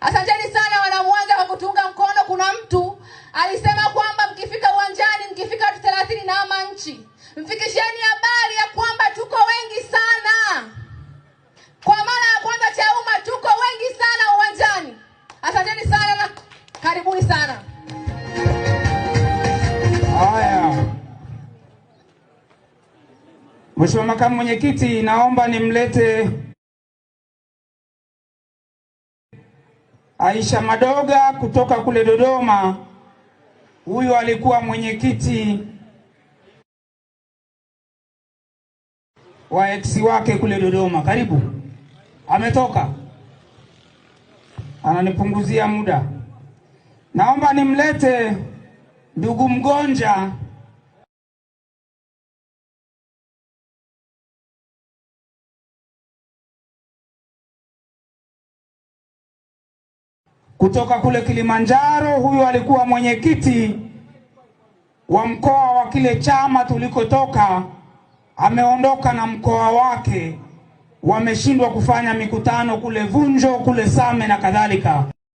Asanteni sana Wanamwanza kwa kutunga mkono. Kuna mtu alisema kwamba mkifika uwanjani, mkifika watu thelathini na ama nchi, mfikisheni habari ya kwamba tuko wengi sana. Kwa mara ya kwanza CHAUMMA tuko wengi sana uwanjani. Asanteni sana na karibuni sana. Haya, Mheshimiwa makamu mwenyekiti, naomba nimlete Aisha Madoga kutoka kule Dodoma. Huyu alikuwa mwenyekiti wa ex wake kule Dodoma. Karibu, ametoka, ananipunguzia muda. Naomba nimlete ndugu Mgonja. kutoka kule Kilimanjaro. Huyu alikuwa mwenyekiti wa mkoa wa kile chama tulikotoka, ameondoka na mkoa wake, wameshindwa kufanya mikutano kule Vunjo, kule Same na kadhalika.